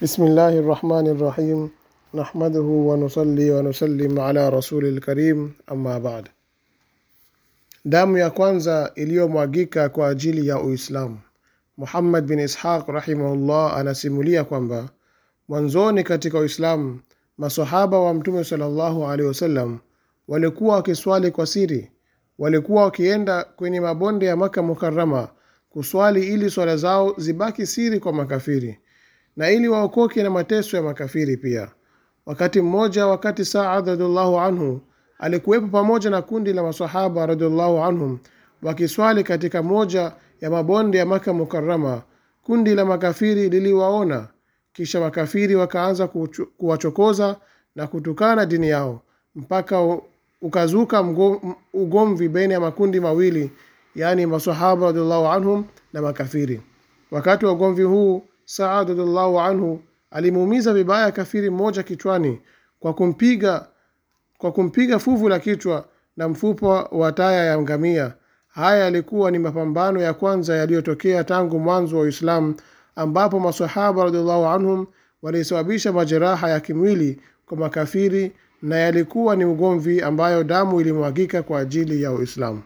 Bismillahi rahmani rahim nahmaduhu wanusalli wanusallim ala rasuli lkarim amma bad. Damu ya kwanza iliyomwagika kwa ajili ya Uislamu. Muhammad bin Ishaq rahimahullah anasimulia kwamba mwanzoni katika Uislamu masahaba wa Mtume sallallahu alaihi wasallam walikuwa wakiswali kwa siri. Walikuwa wakienda kwenye mabonde ya Maka Mukarama kuswali ili swala zao zibaki siri kwa makafiri na ili waokoke na mateso ya makafiri pia. Wakati mmoja, wakati Saad radhiallahu anhu alikuwepo pamoja na kundi la masahaba radhiallahu anhum wakiswali katika moja ya mabonde ya Maka Mukarama. Kundi la makafiri liliwaona, kisha makafiri wakaanza kuwachokoza na kutukana dini yao mpaka ukazuka ugomvi baina ya makundi mawili, yaani masahaba radhiallahu anhum na makafiri. Wakati wa ugomvi huu Saad radhiallahu anhu alimuumiza vibaya kafiri mmoja kichwani kwa kumpiga kwa kumpiga fuvu la kichwa na mfupa wa taya ya ngamia. Haya yalikuwa ni mapambano ya kwanza yaliyotokea tangu mwanzo wa Uislamu, ambapo masahaba radhiallahu anhum walisababisha majeraha ya kimwili kwa makafiri na yalikuwa ni ugomvi ambayo damu ilimwagika kwa ajili ya Uislamu.